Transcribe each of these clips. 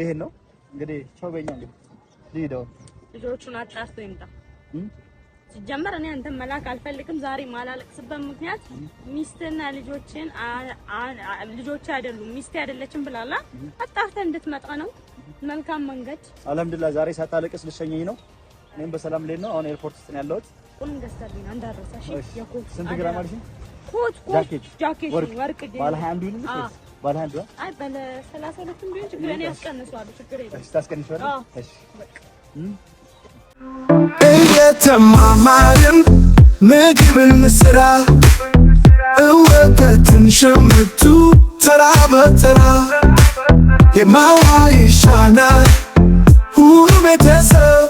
ሊሄድ ነው እንግዲህ ቻው በኛ እንግዲህ ነው። ልጆቹን አጣርቶ ይምጣ። ሲጀመር እኔ አንተን መላክ አልፈልግም። ዛሬ ማላለቅስበት ምክንያት ሚስትና ልጆችን ልጆች አይደሉም ሚስቴ አይደለችም ብላላ አጣርተን እንድትመጣ ነው። መልካም መንገድ። አልሐምዱሊላህ ዛሬ ሳታለቅስ ልሸኘኝ ነው። እኔም በሰላም ልሄድ ነው። አሁን ኤርፖርት ውስጥ ነው ያለሁት። ቁልም ገዝተልኝ እንዳትረሳ። የኮት ስንት ግራም አልሽኝ? ኮት ኮት፣ ጃኬት፣ ወርቅ ባለ 21 ይሁን ባለ አንዷ አይ ባለ ሰላሳ ሁለትም ቢሆን ችግር የለም። ያስቀንሰዋለሁ፣ ችግር የለም። እሺ ታስቀንሰዋለህ። እሺ እየተማማርን ምግብን ስራ እወተትን ሸምቱ ተራ በተራ የማዋ ይሻናል ሁሉ ቤተሰብ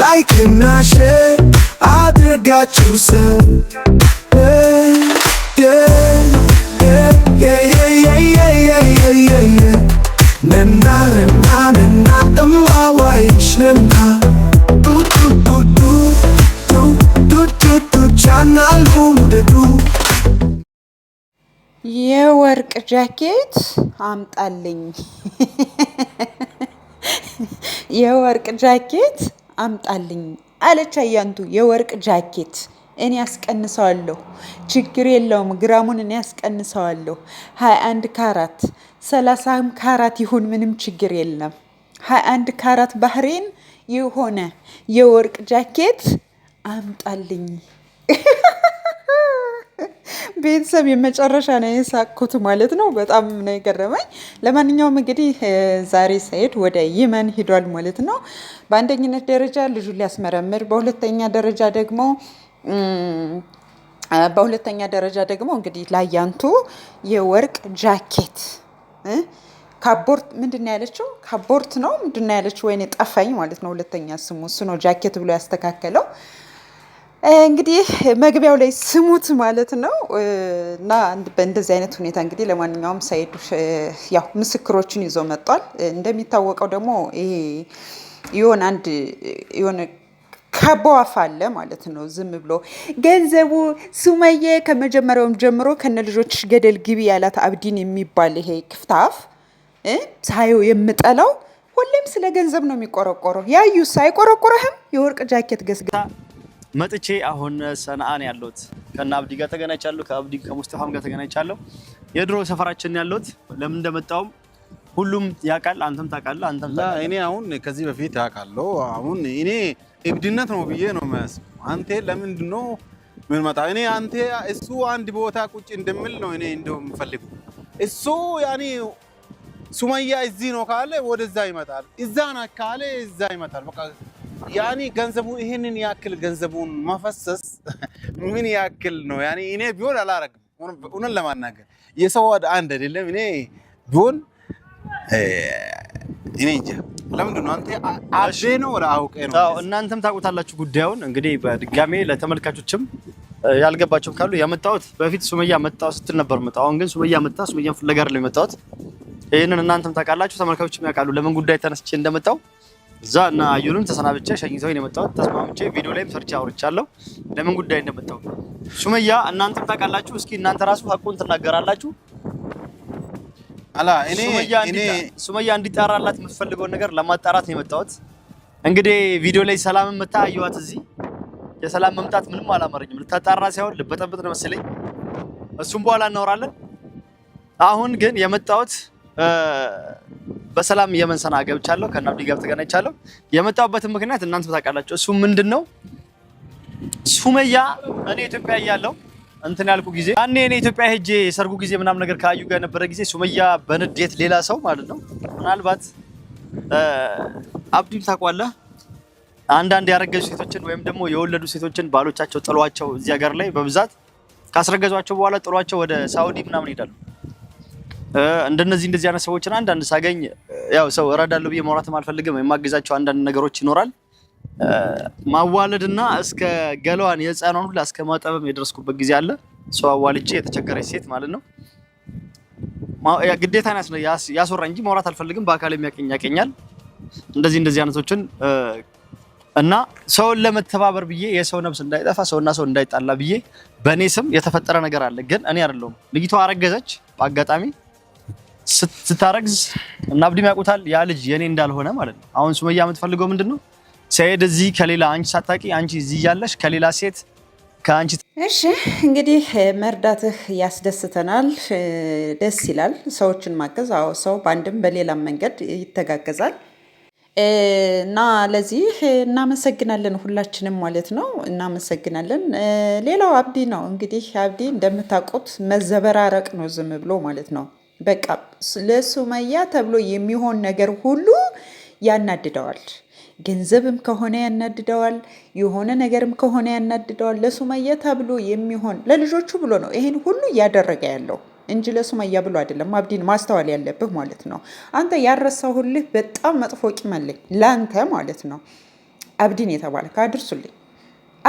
ላይክና ሼር አድርጋችሁ ሰብ የወርቅ ጃኬት አምጣልኝ፣ የወርቅ ጃኬት አምጣልኝ አለች አያንቱ። የወርቅ ጃኬት እኔ ያስቀንሰዋለሁ፣ ችግር የለውም። ግራሙን እኔ ያስቀንሰዋለሁ። ሀያ አንድ ካራት ሰላሳም ካራት ይሁን ምንም ችግር የለም። ሀያ አንድ ካራት ባህሬን የሆነ የወርቅ ጃኬት አምጣልኝ። ቤተሰብ የመጨረሻ ነው የሳቅኩት ማለት ነው። በጣም ነው የገረመኝ። ለማንኛውም እንግዲህ ዛሬ ሰኢድ ወደ የመን ሂዷል ማለት ነው። በአንደኝነት ደረጃ ልጁ ሊያስመረምር፣ በሁለተኛ ደረጃ ደግሞ በሁለተኛ ደረጃ ደግሞ እንግዲህ ላያንቱ የወርቅ ጃኬት ካቦርት ምንድን ያለችው? ካቦርት ነው ምንድን ያለችው? ወይኔ ጠፋኝ ማለት ነው። ሁለተኛ ስሙ እሱ ነው፣ ጃኬት ብሎ ያስተካከለው እንግዲህ መግቢያው ላይ ስሙት ማለት ነው። እና በእንደዚህ አይነት ሁኔታ እንግዲህ ለማንኛውም ሳይዱ ያው ምስክሮችን ይዞ መጧል እንደሚታወቀው ደግሞ ይሄ የሆነ አንድ የሆነ አለ ማለት ነው። ዝም ብሎ ገንዘቡ ሱመዬ ከመጀመሪያውም ጀምሮ ከነ ልጆች ገደል ግቢ ያላት አብዲን የሚባል ይሄ ክፍታፍ ሳየው የምጠላው ሁሌም ስለ ገንዘብ ነው የሚቆረቆረው። ያዩ ሳይቆረቆረህም የወርቅ ጃኬት ገዝገዛ መጥቼ አሁን ሰንአን ያለሁት ከነ አብዲ ጋር ተገናኝቻለሁ። ከአብዲ ከሙስጠፋም ጋር ተገናኝቻለሁ። የድሮ ሰፈራችን ያለሁት ለምን እንደመጣውም ሁሉም ያውቃል። አንተም ታውቃለህ። አንተም ታውቃለህ። እኔ አሁን ከዚህ በፊት ያውቃለሁ። አሁን እኔ እብድነት ነው ብዬ ነው የማያስብ። አንተ ለምንድን ነው ምን መጣ? እኔ አንተ እሱ አንድ ቦታ ቁጭ እንደምል ነው እኔ እንደው የምፈልገው። እሱ ያኔ ሱመያ እዚህ ነው ካለ ወደዛ ይመጣል፣ እዛ ናት ካለ እዛ ይመጣል። በቃ ያኔ ገንዘቡ ይሄንን ያክል ገንዘቡን መፈሰስ ምን ያክል ነው? ያኔ እኔ ቢሆን አላረግም። እውነት ለማናገር የሰው አንድ አይደለም። እኔ ቢሆን እኔ እንጃ ለምንድን ነው አንተ አቤ ነው ወደ አውቄ ነው? አዎ እናንተም ታውቁታላችሁ ጉዳዩን። እንግዲህ በድጋሜ ለተመልካቾችም ያልገባቸውም ካሉ የመጣሁት በፊት ሱመያ መጣሁ ስትል ነበር መጣሁ። አሁን ግን ሱመያ መጣ ሱመያን ፍለጋ አይደለም የመጣሁት። ይህንን እናንተም ታውቃላችሁ፣ ተመልካቾችም ያውቃሉ ለምን ጉዳይ ተነስቼ እንደመጣሁ እዛ እና አዩንም ተሰናብቼ ሸኝተውኝ ነው የመጣሁት። ተስማምቼ ቪዲዮ ላይም ሰርቼ አውርቻለሁ ለምን ጉዳይ እንደመጣሁ። ሱመያ እናንተም ታውቃላችሁ። እስኪ እናንተ ራሱ ሀቁን ትናገራላችሁ። አላ እኔ እኔ ሱመያ እንዲጣራላት የምትፈልገውን ነገር ለማጣራት ነው የመጣሁት። እንግዲህ ቪዲዮ ላይ ሰላም መታ አየኋት። እዚህ የሰላም መምጣት ምንም አላማረኝም። ልታጣራ ሳይሆን ልበጠበጥ ነው መሰለኝ። እሱም በኋላ እናወራለን። አሁን ግን የመጣሁት በሰላም የመንሰና ገብቻለሁ፣ ከናብዲ ጋር ተገናኝቻለሁ። የመጣሁበትን ምክንያት እናንተ ታውቃላችሁ። እሱ ምንድን ነው ሱመያ እኔ ኢትዮጵያ እያለሁ እንትን ያልኩ ጊዜ ያኔ እኔ ኢትዮጵያ ሄጄ የሰርጉ ጊዜ ምናምን ነገር ከአዩ ጋር የነበረ ጊዜ ሱመያ በንዴት ሌላ ሰው ማለት ነው። ምናልባት አብዲም ታውቋለህ፣ አንዳንድ ያረገዙ ሴቶችን ወይም ደግሞ የወለዱ ሴቶችን ባሎቻቸው ጥሏቸው እዚህ ሀገር ላይ በብዛት ካስረገዟቸው በኋላ ጥሏቸው ወደ ሳውዲ ምናምን ይሄዳሉ። እንደነዚህ እንደዚህ አይነት ሰዎችን አንዳንድ ሳገኝ ያው ሰው እረዳለሁ ብዬ መውራትም አልፈልግም። የማገዛቸው አንዳንድ ነገሮች ይኖራል ማዋለድና እስከ ገላዋን የህፃኗን ሁላ እስከ ማጠበም የደረስኩበት ጊዜ አለ። ሰው አዋልቼ የተቸገረች ሴት ማለት ነው። ግዴታን ያስወራ እንጂ ማውራት አልፈልግም። በአካል የሚያቀኝ ያቀኛል። እንደዚህ እንደዚህ አይነቶችን እና ሰውን ለመተባበር ብዬ የሰው ነብስ እንዳይጠፋ ሰውና ሰው እንዳይጣላ ብዬ በእኔ ስም የተፈጠረ ነገር አለ። ግን እኔ አይደለሁም። ልጅቷ አረገዘች። በአጋጣሚ ስታረግዝ እና አብዲም ያውቁታል። ያ ልጅ የእኔ እንዳልሆነ ማለት ነው። አሁን ሱመያ የምትፈልገው ምንድን ነው? ሲሄድ እዚህ ከሌላ አንቺ ሳታውቂ አንቺ እዚህ እያለሽ ከሌላ ሴት ከአንቺ እሺ እንግዲህ መርዳትህ ያስደስተናል፣ ደስ ይላል። ሰዎችን ማገዝ አዎ፣ ሰው በአንድም በሌላም መንገድ ይተጋገዛል እና ለዚህ እናመሰግናለን፣ ሁላችንም ማለት ነው እናመሰግናለን። ሌላው አብዲ ነው እንግዲህ አብዲ እንደምታውቁት መዘበራረቅ ነው፣ ዝም ብሎ ማለት ነው። በቃ ለሱመያ ተብሎ የሚሆን ነገር ሁሉ ያናድደዋል። ገንዘብም ከሆነ ያናድደዋል፣ የሆነ ነገርም ከሆነ ያናድደዋል። ለሱመያ ተብሎ የሚሆን ለልጆቹ ብሎ ነው ይሄን ሁሉ እያደረገ ያለው እንጂ ለሱመያ ብሎ አይደለም። አብዲን ማስተዋል ያለብህ ማለት ነው። አንተ ያረሳሁልህ በጣም መጥፎ ቂም አለኝ ለአንተ ማለት ነው። አብዲን የተባልክ አድርሱልኝ፣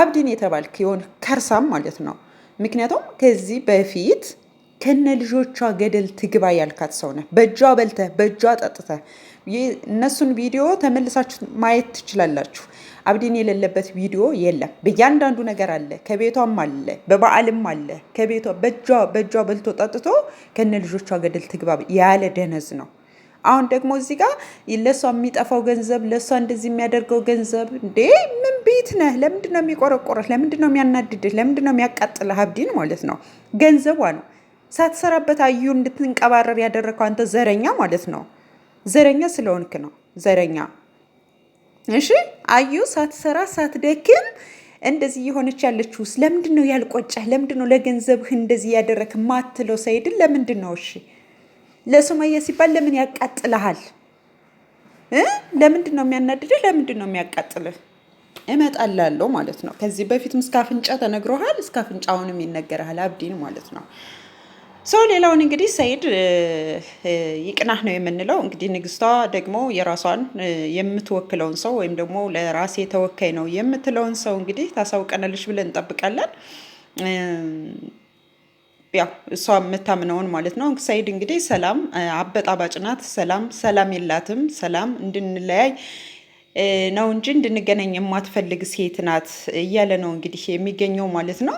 አብዲን የተባልክ የሆን ከርሳም ማለት ነው። ምክንያቱም ከዚህ በፊት ከነ ልጆቿ ገደል ትግባ ያልካት ሰው ነህ። በእጇ በልተህ በእጇ ጠጥተህ እነሱን ቪዲዮ ተመልሳችሁ ማየት ትችላላችሁ። አብዲን የሌለበት ቪዲዮ የለም። በእያንዳንዱ ነገር አለ። ከቤቷም አለ፣ በበዓልም አለ። ከቤቷ በእጇ በእጇ በልቶ ጠጥቶ ከነ ልጆቿ ገደል ትግባብ ያለ ደነዝ ነው። አሁን ደግሞ እዚህ ጋር ለእሷ የሚጠፋው ገንዘብ ለእሷ እንደዚህ የሚያደርገው ገንዘብ እንዴ! ምን ቤት ነህ? ለምንድን ነው የሚቆረቆረህ? ለምንድን ነው የሚያናድድህ? ለምንድን ነው የሚያቃጥልህ? አብዲን ማለት ነው ገንዘቧ ነው። ሳትሰራበት አዩ እንድትንቀባረር ያደረግከው አንተ ዘረኛ ማለት ነው። ዘረኛ ስለሆንክ ነው። ዘረኛ እሺ። አዩ ሳትሰራ ሳትደክም እንደዚህ የሆነች ያለችው ለምንድን ነው ያልቆጨህ? ለምንድን ነው ለገንዘብህ እንደዚህ ያደረክ ማትለው? ሰይድን ለምንድን ነው እሺ? ለሱመያ ሲባል ለምን ያቃጥልሃል? ለምንድን ነው የሚያናድድህ? ለምንድን ነው የሚያቃጥልህ? እመጣላለሁ ማለት ነው። ከዚህ በፊት እስከ አፍንጫ ተነግሮሃል፣ እስከ አፍንጫ አሁንም ይነገርሃል። አብዲን ማለት ነው ሰው ሌላውን እንግዲህ ሰይድ ይቅናህ ነው የምንለው። እንግዲህ ንግስቷ ደግሞ የራሷን የምትወክለውን ሰው ወይም ደግሞ ለራሴ ተወካይ ነው የምትለውን ሰው እንግዲህ ታሳውቀናለች ብለን እንጠብቃለን። ያው እሷ የምታምነውን ማለት ነው። ሰይድ እንግዲህ ሰላም አበጣባጭ ናት፣ ሰላም ሰላም የላትም፣ ሰላም እንድንለያይ ነው እንጂ እንድንገናኝ የማትፈልግ ሴት ናት እያለ ነው እንግዲህ የሚገኘው ማለት ነው።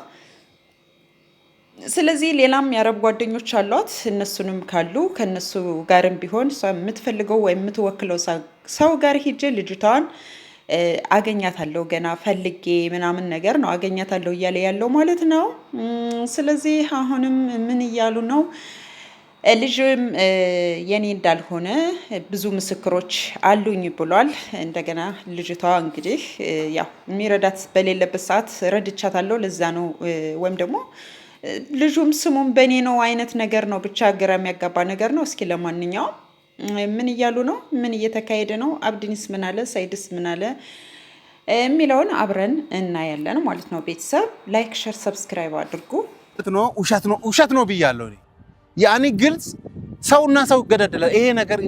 ስለዚህ ሌላም የአረብ ጓደኞች አሏት። እነሱንም ካሉ ከነሱ ጋርም ቢሆን የምትፈልገው ወይም የምትወክለው ሰው ጋር ሂጄ ልጅቷን አገኛታለሁ ገና ፈልጌ ምናምን ነገር ነው አገኛታለሁ እያለ ያለው ማለት ነው። ስለዚህ አሁንም ምን እያሉ ነው? ልጅም የኔ እንዳልሆነ ብዙ ምስክሮች አሉኝ ብሏል። እንደገና ልጅቷ እንግዲህ ያው የሚረዳት በሌለበት ሰዓት ረድቻታለሁ፣ ለዛ ነው ወይም ደግሞ ልጁም ስሙም በእኔ ነው አይነት ነገር ነው። ብቻ ግራ የሚያጋባ ነገር ነው። እስኪ ለማንኛውም ምን እያሉ ነው? ምን እየተካሄደ ነው? አብድኒስ ምን አለ? ሰይድስ ምን አለ? የሚለውን አብረን እናያለን ማለት ነው። ቤተሰብ ላይክ፣ ሸር፣ ሰብስክራይብ አድርጉ። ውሸት ነው ውሸት ነው ብያለሁ። ያኔ ግልጽ ሰውና ሰው ይገዳደላል። ይሄ ነገር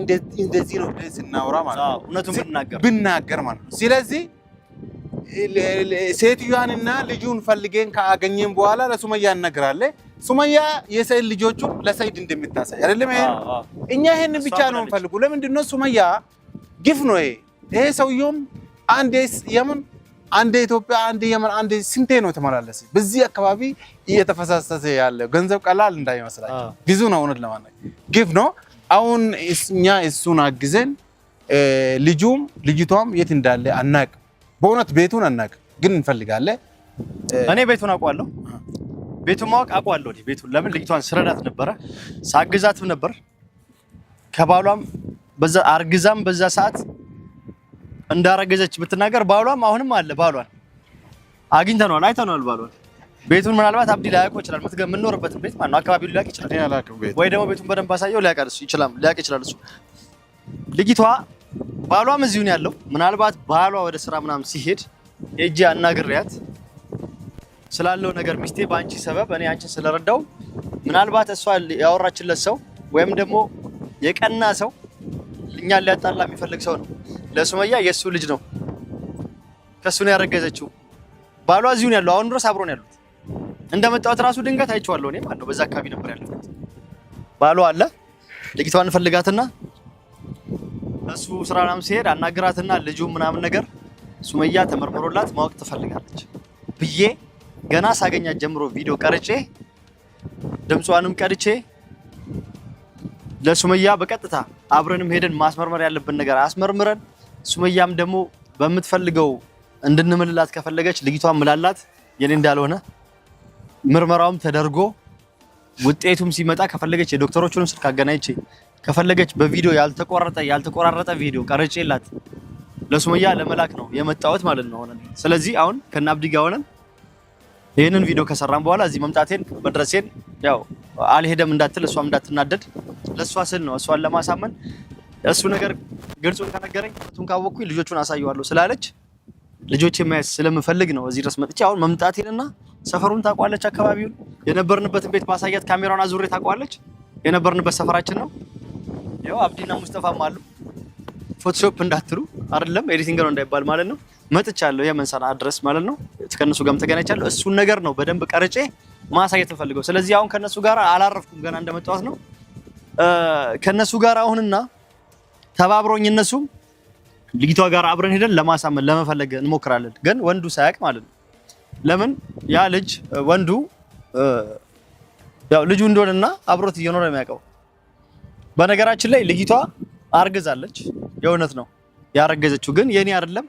እንደዚህ ነው ስናወራ ማለት ነው ብናገር ማለት ነው። ስለዚህ ሴትዮዋንና ልጁን ፈልጌን ካገኘን በኋላ ለሱመያ እነግራለሁ። ሱመያ የሰይድ ልጆቹን ለሰይድ እንደምታሳይ አይደለም። ይሄ እኛ ይሄንን ብቻ ነው እንፈልጉ። ለምንድነው ነው ሱመያ ግፍ ነው ይሄ። ይሄ ሰውየውም አንዴ የምን አንዴ ኢትዮጵያ፣ አንዴ የመን፣ አንዴ ስንቴ ነው የተመላለሰ። በዚህ አካባቢ እየተፈሳሰሰ ያለ ገንዘብ ቀላል እንዳይመስላቸው ብዙ ነው። እውነት ለማለት ግፍ ነው። አሁን እኛ እሱን አግዘን ልጁም ልጅቷም የት እንዳለ አናቅ በእውነት ቤቱን አናውቅም፣ ግን እንፈልጋለን። እኔ ቤቱን አውቀዋለሁ። ቤቱን ማወቅ አውቀዋለሁ። ቤቱን ለምን ልጅቷን ስረዳት ነበረ፣ ሳግዛትም ነበር። ከባሏም በዛ አርግዛም በዛ ሰዓት እንዳረገዘች ብትናገር ባሏም አሁንም አለ። ባሏን አግኝተነዋል፣ አይተነዋል። ባሏን ቤቱን ምናልባት አብዲ ላያውቀው ይችላል። የምንኖርበትን ቤት ማነው አካባቢው ሊያውቅ ይችላል፣ ወይ ደግሞ ቤቱን በደንብ አሳየው ሊያውቅ ይችላል እሱ። ልጅቷ ባሏም እዚሁ ነው ያለው። ምናልባት ባሏ ወደ ስራ ምናምን ሲሄድ ሄጄ አናግሪያት ስላለው ነገር ሚስቴ በአንቺ ሰበብ እኔ አንቺን ስለረዳው ምናልባት እሷ ያወራችለት ሰው ወይም ደግሞ የቀና ሰው እኛን ሊያጣላ የሚፈልግ ሰው ነው። ለሱመያ የእሱ ልጅ ነው፣ ከእሱ ነው ያረገዘችው። ባሏ እዚሁ ነው ያለው። አሁን ድረስ አብሮ ነው ያሉት። እንደመጣሁት ራሱ ድንገት አይቼዋለሁ። እኔ ማለት ነው በዛ አካባቢ ነበር ያለው። ባሏ አለ ልጅቷን እንፈልጋትና እሱ ስራ ምናምን ሲሄድ አናግራትና ልጁ ምናምን ነገር ሱመያ ተመርምሮላት ማወቅ ትፈልጋለች ብዬ ገና ሳገኛት ጀምሮ ቪዲዮ ቀርጬ ድምጿንም ቀድቼ ለሱመያ በቀጥታ አብረንም ሄደን ማስመርመር ያለብን ነገር አስመርምረን ሱመያም ደግሞ በምትፈልገው እንድንምልላት ከፈለገች ልጅቷን ምላላት የኔ እንዳልሆነ ምርመራውም ተደርጎ ውጤቱም ሲመጣ ከፈለገች የዶክተሮቹንም ስልክ አገናኝቼ ከፈለገች በቪዲዮ ያልተቆረጠ ያልተቆራረጠ ቪዲዮ ቀርጬላት ለሱመያ ለመላክ ነው የመጣሁት ማለት ነው። ሆነ ስለዚህ አሁን ከነ አብዲ ጋር ሆነን ይህንን ቪዲዮ ከሰራን በኋላ እዚህ መምጣቴን መድረሴን ያው አልሄደም እንዳትል እሷም እንዳትናደድ ለእሷ ስል ነው እሷን ለማሳመን እሱ ነገር ግልጹን ከነገረኝ ቱን ካወቅኩኝ ልጆቹን አሳየዋለሁ ስላለች ልጆች የማየት ስለምፈልግ ነው እዚህ ድረስ መጥቼ አሁን መምጣቴንና ሰፈሩን ታውቋለች፣ አካባቢውን የነበርንበትን ቤት ማሳያት ካሜራውን አዙሬ ታውቋለች። የነበርንበት ሰፈራችን ነው። ያው አብዲና ሙስጠፋም አሉ። ፎቶሾፕ እንዳትሉ አይደለም፣ ኤዲቲንግ ነው እንዳይባል ማለት ነው። መጥቻለሁ የመንሳና አድረስ ማለት ነው። ከነሱ ጋርም ተገናኝቻለሁ። እሱን ነገር ነው በደንብ ቀርጬ ማሳየት ፈልገው። ስለዚህ አሁን ከነሱ ጋር አላረፍኩም፣ ገና እንደመጣሁት ነው ከነሱ ጋር አሁንና ተባብሮኝ እነሱም ልጅቷ ጋር አብረን ሄደን ለማሳመን ለመፈለግ እንሞክራለን። ግን ወንዱ ሳያውቅ ማለት ነው። ለምን ያ ልጅ ወንዱ ያው ልጁ እንደሆነና አብሮት እየኖረ የሚያውቀው በነገራችን ላይ ልጅቷ አርግዛለች። የእውነት ነው ያረገዘችው፣ ግን የኔ አይደለም።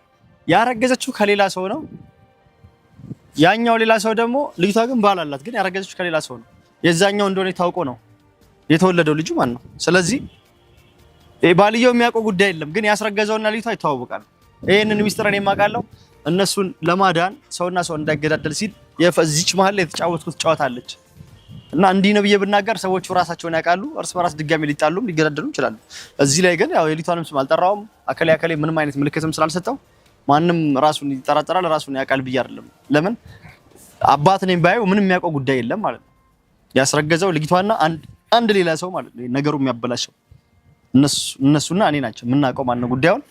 ያረገዘችው ከሌላ ሰው ነው። ያኛው ሌላ ሰው ደግሞ ልጅቷ ግን ባል አላት፣ ግን ያረገዘችው ከሌላ ሰው ነው። የዛኛው እንደሆነ ታውቆ ነው የተወለደው ልጁ ማለት ነው። ስለዚህ ባልየው የሚያውቀው ጉዳይ የለም፣ ግን ያስረገዘውና ልጅቷ ይተዋወቃል። ይህንን ሚስጥር እኔ የማውቃለሁ። እነሱን ለማዳን ሰውና ሰው እንዳይገዳደል ሲል የዚች መሀል የተጫወትኩት ጨዋታ አለች። እና እንዲህ ነው ብዬ ብናገር ሰዎቹ ራሳቸውን ያውቃሉ። እርስ በራስ ድጋሚ ሊጣሉም ሊገዳደሉ ይችላሉ። እዚህ ላይ ግን ያው የሊቷንም ስም አልጠራውም፣ አከሌ አከሌ ምንም አይነት ምልክትም ስላልሰጠው ማንም ራሱን ይጠራጠራል፣ ራሱን ያውቃል ብዬ አይደለም። ለምን አባት ነኝ ባየው ምንም የሚያውቀው ጉዳይ የለም ማለት ነው። ያስረገዘው ልጅቷና አንድ ሌላ ሰው ማለት ነው ነገሩ የሚያበላሸው እነሱና እኔ ናቸው የምናውቀው ማነው ጉዳዩን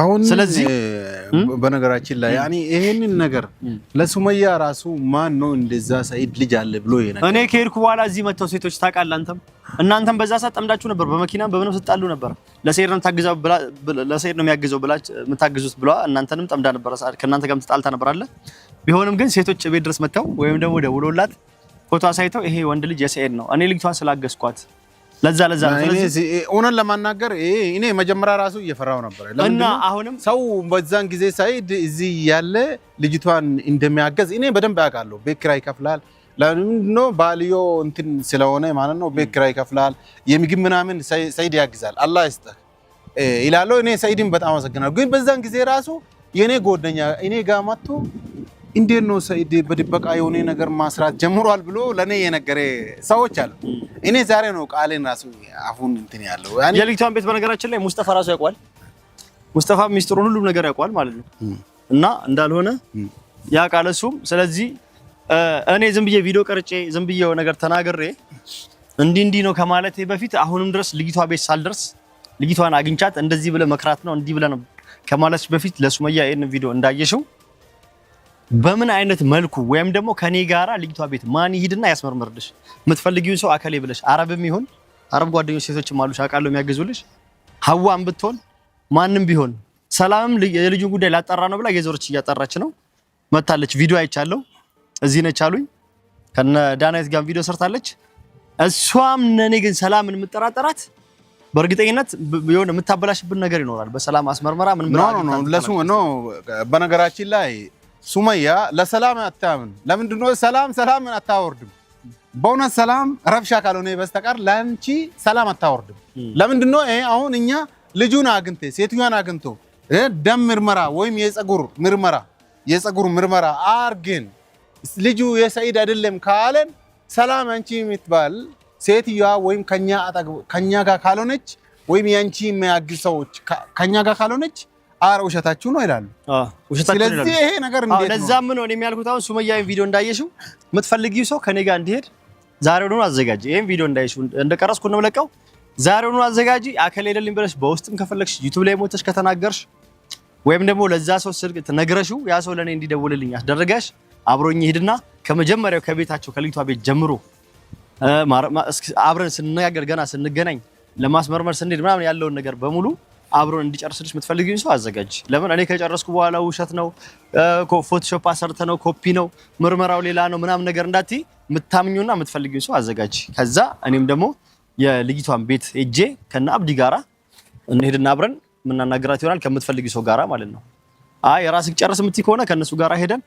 አሁን ስለዚህ በነገራችን ላይ ያኔ ይሄንን ነገር ለሱመያ ራሱ ማን ነው እንደዛ ሳይድ ልጅ አለ ብሎ ይሄ እኔ ከሄድኩ በኋላ እዚህ መተው ሴቶች ታውቃለህ፣ አንተም እናንተም በዛ ሰዓት ጠምዳችሁ ነበር፣ በመኪና በምንም ስትጣሉ ነበር። ለሰይድ ነው ታግዛው ብላ ለሰይድ ነው የሚያግዘው ብላ የምታግዙት ብሏ እናንተንም ጠምዳ ነበር፣ ከእናንተ ጋርም ተጣልታ ነበር አለ። ቢሆንም ግን ሴቶች ቤት ድረስ መተው ወይም ደግሞ ደውሎላት ፎቶ አሳይተው ይሄ ወንድ ልጅ የሰይድ ነው እኔ ልጅቷን ስላገዝኳት ለዛ ለዛ እውነት ለማናገር እኔ መጀመሪያ ራሱ እየፈራው ነበር እና አሁንም ሰው በዛን ጊዜ ሳይድ እዚህ ያለ ልጅቷን እንደሚያገዝ እኔ በደንብ ያውቃለሁ። ቤት ኪራይ ይከፍላል። ለምንድን ነው ባልዮ እንትን ስለሆነ ማለት ነው። ቤት ኪራይ ይከፍላል። የምግብ ምናምን ሰይድ ያግዛል። አላህ ይስጥህ ይላለው። እኔ ሰይድን በጣም አመሰግናለሁ። ግን በዛን ጊዜ ራሱ የእኔ ጎደኛ እኔ ጋር መጥቶ እንዴት ነው ሰኢድ በድበቃ የሆነ ነገር ማስራት ጀምሯል ብሎ ለእኔ የነገረ ሰዎች አሉ። እኔ ዛሬ ነው ቃሌን ራሱ አፉን እንትን ያለው የልጅቷን ቤት በነገራችን ላይ ሙስጠፋ ራሱ ያውቋል። ሙስጠፋ ሚስጥሩን ሁሉም ነገር ያውቋል ማለት ነው እና እንዳልሆነ ያ ቃል እሱም ስለዚህ እኔ ዝም ብዬ ቪዲዮ ቀርጬ ዝም ብዬ ነገር ተናግሬ እንዲህ እንዲህ ነው ከማለቴ በፊት አሁንም ድረስ ልጅቷ ቤት ሳልደርስ ልጅቷን አግኝቻት እንደዚህ ብለህ መክራት ነው እንዲህ ብለህ ነው ከማለት በፊት ለሱመያ ይሄን ቪዲዮ እንዳየሽው በምን አይነት መልኩ ወይም ደግሞ ከኔ ጋራ ልጅቷ ቤት ማን ይሂድና ያስመርምርልሽ? የምትፈልጊውን ሰው አከሌ ብለሽ አረብም ይሁን አረብ ጓደኞች ሴቶችም አሉሽ አውቃለሁ፣ የሚያግዙልሽ ሀዋም ብትሆን ማንም ቢሆን ሰላምም የልጁን ጉዳይ ላጠራ ነው ብላ የዞርች እያጠራች ነው። መታለች። ቪዲዮ አይቻለሁ። እዚህ ነች አሉኝ። ከነ ዳናይት ጋር ቪዲዮ ሰርታለች። እሷም ነኔ ግን ሰላምን የምጠራጠራት በእርግጠኝነት የሆነ የምታበላሽብን ነገር ይኖራል። በሰላም አስመርመራ ምን ብላ ነው። በነገራችን ላይ ሱመያ ለሰላም አታምን። ለምንድን ነው ሰላም ሰላምን አታወርድም? በእውነት ሰላም ረብሻ ካልሆነ በስተቀር ለአንቺ ሰላም አታወርድም። ለምንድን ነው ይሄ? አሁን እኛ ልጁን አግኝቴ ሴትዮዋን አግኝቶ ደም ምርመራ ወይም የፀጉር ምርመራ የፀጉር ምርመራ አርግን ልጁ የሰኢድ አይደለም ካለን ሰላም አንቺ የምትባል ሴትዮዋ ወይም ከኛ ጋር ካልሆነች ወይም የአንቺ የሚያግዝ ሰዎች ከኛ ጋር ካልሆነች አረ ውሸታችሁ ነው ይላሉ። ስለዚህ ይሄ ነገር እንዴት ነው? ለዛም ነው እኔም ያልኩት አሁን ሱመያዊን ቪዲዮ እንዳየሽው የምትፈልጊው ሰው ከኔ ጋር እንዲሄድ ዛሬውኑ አዘጋጅ። ይሄን ቪዲዮ እንዳየሽው እንደቀረስኩ ነው የምለቀው። ዛሬውኑ አዘጋጂ። አካል አይደለም ብለሽ በውስጥም ከፈለግሽ ዩቲዩብ ላይ ሞተሽ ከተናገርሽ ወይም ደግሞ ለዛ ሰው ስልክ ነግረሽው ያ ሰው ለኔ እንዲደውልልኝ አስደረገሽ አብሮኝ ይሄድና ከመጀመሪያው ከቤታቸው ከልጅቷ ቤት ጀምሮ አብረን ስንነጋገር ገና ስንገናኝ ለማስመርመር ስንሄድ ምናምን ያለውን ነገር በሙሉ አብሮን እንዲጨርስልሽ የምትፈልጊውን ሰው አዘጋጅ። ለምን እኔ ከጨረስኩ በኋላ ውሸት ነው ፎቶሾፕ አሰርተ ነው ኮፒ ነው ምርመራው ሌላ ነው ምናምን ነገር እንዳት የምታምኙና የምትፈልጊውን ሰው አዘጋጅ። ከዛ እኔም ደግሞ የልጅቷን ቤት እጄ ከነ አብዲ ጋራ እንሄድና አብረን የምናናግራት ይሆናል ከምትፈልጊው ሰው ጋራ ማለት ነው። አይ የራስህ ጨርስ የምትይ ከሆነ ከእነሱ ጋራ ሄደን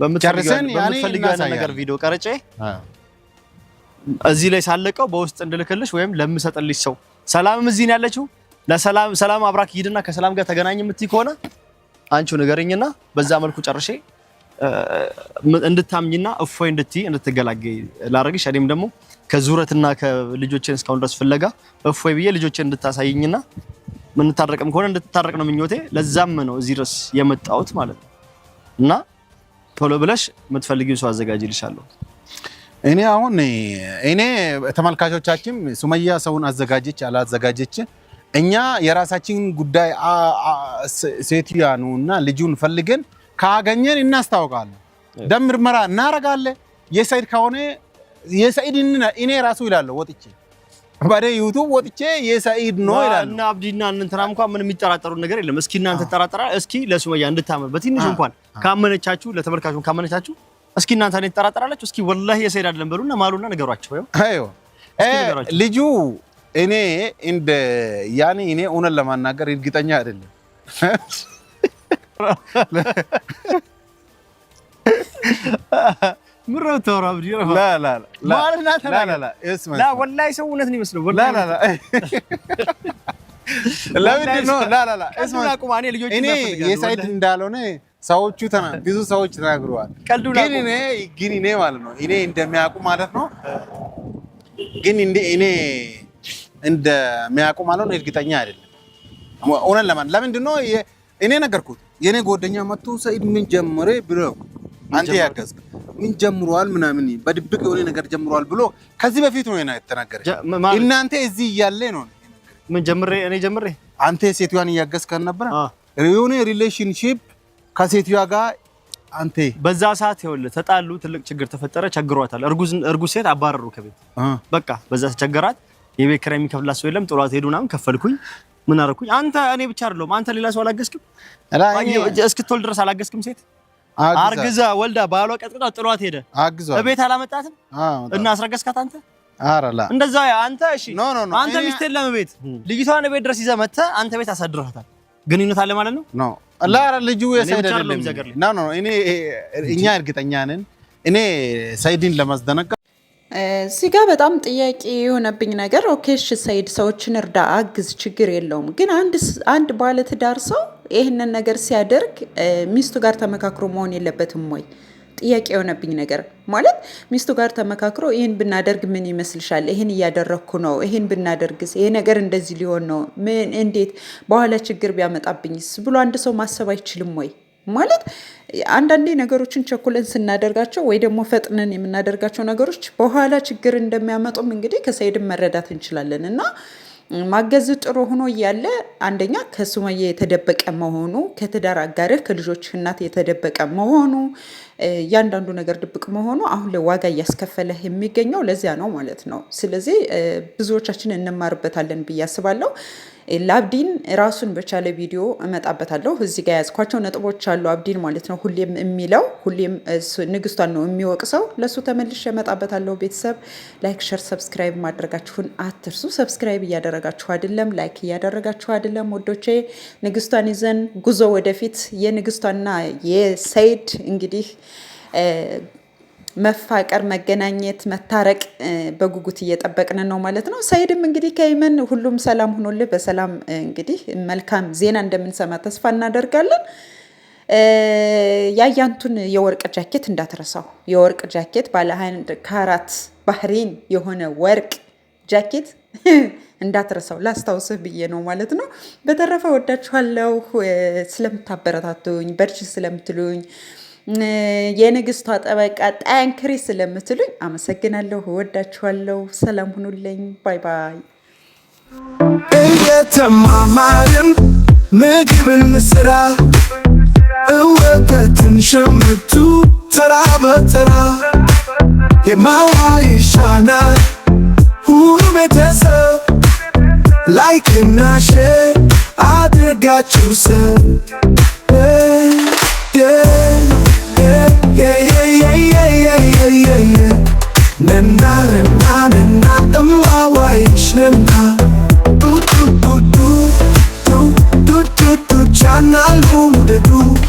በምትፈልጊው ነገር ቪዲዮ ቀርጬ እዚህ ላይ ሳለቀው በውስጥ እንድልክልሽ ወይም ለምሰጥልሽ ሰው ሰላምም እዚህ ነው ያለችው ለሰላም ሰላም አብራክ ሂድና ከሰላም ጋር ተገናኝ የምትይ ከሆነ አንቺው ንገረኝና በዛ መልኩ ጨርሼ እንድታምኝና እፎይ እንድትይ እንድትገላገይ ላረግሽ እኔም ደግሞ ከዙረትና ከልጆቼን እስካሁን ድረስ ፍለጋ እፎይ ብዬ ልጆቼን እንድታሳይኝና ምንታረቅም ከሆነ እንድትታረቅ ነው ምኞቴ። ለዛም ነው እዚህ ድረስ የመጣሁት ማለት ነው። እና ቶሎ ብለሽ የምትፈልጊውን ሰው አዘጋጅልሻለሁ። እኔ አሁን እኔ ተመልካቾቻችን ሱመያ ሰውን አዘጋጀች አላዘጋጀች እኛ የራሳችን ጉዳይ ሴትዮዋ ነው እና ልጁን ፈልገን ካገኘን እናስታውቃለን። ደም ምርመራ እናደርጋለን። የሰኢድ ከሆነ የሰይድ እኔ ራሱ ይላለሁ ወጥቼ ባደ ዩቱብ ወጥቼ የሰኢድ ነው ይላል እና አብዲና እንትናም እንኳን ምን የሚጠራጠሩ ነገር የለም። እስኪ እናንተ ተጠራጠራ እስኪ ለሱመያ እንድታመን በትንሽ እንኳን ካመነቻችሁ፣ ለተመልካቹ ካመነቻችሁ እስኪ እናንተ እኔ ተጠራጠራላችሁ እስኪ ወላሂ የሰኢድ አይደለም በሉና ማሉና ነገሯቸው። አይ ልጁ እኔ እንደ ያኔ እኔ እውነት ለማናገር እርግጠኛ አይደለም። ወላሂ ሰው እውነት ነው ይመስለው። እኔ የሳይድ እንዳልሆነ ሰዎቹ ብዙ ሰዎች ተናግረዋል። ግን እኔ ግን እኔ ማለት ነው እኔ እንደሚያውቁ ማለት ነው ግን እንደ እኔ እንደሚያውቁ ማለት ነው እርግጠኛ አይደለም። ሆነ ለማን ለምንድን ነው እኔ ነገርኩት። የኔ ጓደኛ መጥቶ ሰኢድ ምን ጀምረ ብሎ አንተ ያገዝክ ምን ጀምሯል ምናምን በድብቅ የሆነ ነገር ጀምሯል ብሎ ከዚህ በፊት ነው የተናገረ። እናንተ እዚህ እያለ ነው ምን ጀምሬ እኔ ጀምሬ አንተ ሴትዮዋን እያገዝክ ነበር የሆነ ሪሌሽንሺፕ ከሴትዮዋ ጋር አንተ በዛ ሰዓት ይኸውልህ ተጣሉ፣ ትልቅ ችግር ተፈጠረ፣ ቸግሯታል። እርጉዝ ሴት አባረሩ ከቤት በቃ በዛ ተቸገራት። የቤት ኪራይ የሚከፍላት ሰው የለም። ጥሏት ሄዱ ምናምን ከፈልኩኝ። ምን አደረኩኝ? አንተ እኔ ብቻ አይደለሁም አንተ ሌላ ሰው አላገዝክም። እስክትወልድ ድረስ አላገዝክም። ሴት አርግዛ ወልዳ ባሏ ቀጥቅጣ ጥሏት ሄደ። ቤት አላመጣትም እና አስረገዝካት አንተ አራላ እንደዛ አንተ እሺ፣ ኖ ኖ ኖ አንተ ሚስት የለም ቤት ልጅቷን ቤት ድረስ ይዘህ መተህ አንተ ቤት አሳድረሃታል። ግንኙነት አለ ማለት ነው። ኖ ላራ ልጁ የሰይድ አይደለም። ኖ ኖ እኔ እኛ እርግጠኛ ነን። እኔ ሰይድን ለማስደነቅ እዚህ በጣም ጥያቄ የሆነብኝ ነገር ኦኬ፣ እሺ ሰዎችን እርዳ፣ አግዝ፣ ችግር የለውም ግን አንድ ባለትዳር ሰው ይህንን ነገር ሲያደርግ ሚስቱ ጋር ተመካክሮ መሆን የለበትም ወይ? ጥያቄ የሆነብኝ ነገር ማለት ሚስቱ ጋር ተመካክሮ ይህን ብናደርግ ምን ይመስልሻል? ይህን እያደረግኩ ነው፣ ይህን ብናደርግስ፣ ይሄ ነገር እንደዚህ ሊሆን ነው፣ ምን እንዴት፣ በኋላ ችግር ቢያመጣብኝስ ብሎ አንድ ሰው ማሰብ አይችልም ወይ? ማለት አንዳንዴ ነገሮችን ቸኩለን ስናደርጋቸው ወይ ደግሞ ፈጥነን የምናደርጋቸው ነገሮች በኋላ ችግር እንደሚያመጡም እንግዲህ ከሰኢድም መረዳት እንችላለን እና ማገዝ ጥሩ ሆኖ እያለ አንደኛ ከሱመያ የተደበቀ መሆኑ፣ ከትዳር አጋርህ ከልጆች እናት የተደበቀ መሆኑ፣ እያንዳንዱ ነገር ድብቅ መሆኑ አሁን ላይ ዋጋ እያስከፈለህ የሚገኘው ለዚያ ነው ማለት ነው። ስለዚህ ብዙዎቻችን እንማርበታለን ብዬ አስባለሁ። ለአብዲን ራሱን በቻለ ቪዲዮ እመጣበታለሁ። እዚ ጋ ያዝኳቸው ነጥቦች አሉ። አብዲን ማለት ነው ሁሌም የሚለው ሁሌም ንግስቷን ነው የሚወቅሰው። ለእሱ ተመልሼ እመጣበታለሁ። ቤተሰብ ላይክ፣ ሸር፣ ሰብስክራይብ ማድረጋችሁን አትርሱ። ሰብስክራይብ እያደረጋችሁ አይደለም፣ ላይክ እያደረጋችሁ አይደለም። ወዶቼ ንግስቷን ይዘን ጉዞ ወደፊት የንግስቷና የሰይድ እንግዲህ መፋቀር፣ መገናኘት፣ መታረቅ በጉጉት እየጠበቅን ነው ማለት ነው። ሳይድም እንግዲህ ከይመን ሁሉም ሰላም ሆኖልህ በሰላም እንግዲህ መልካም ዜና እንደምንሰማ ተስፋ እናደርጋለን። ያያንቱን የወርቅ ጃኬት እንዳትረሳው። የወርቅ ጃኬት ባለ አንድ ካራት ባህሬን የሆነ ወርቅ ጃኬት እንዳትረሳው ላስታውስህ ብዬ ነው ማለት ነው። በተረፈ ወዳችኋለሁ። ስለምታበረታቱኝ በርቺ ስለምትሉኝ የንግስቷ ጠበቃ ጠንክሪ ስለምትሉኝ አመሰግናለሁ። እወዳችኋለሁ። ሰላም ሁኑልኝ። ባይ ባይ። እየተማማርን ምግብን ስራ እወተትን ሸምቱ ተራ በተራ የማዋ ይሻናል ሁሉ ቤተሰብ ላይክ እና ሼር አድርጋችሁ ሰብ yeah, yeah, yeah, yeah, yeah, yeah, yeah, yeah. Nena, nena, nena, tamawa ish nena. Tu, tu, tu, tu, tu, tu, tu, tu, chana lumde tu.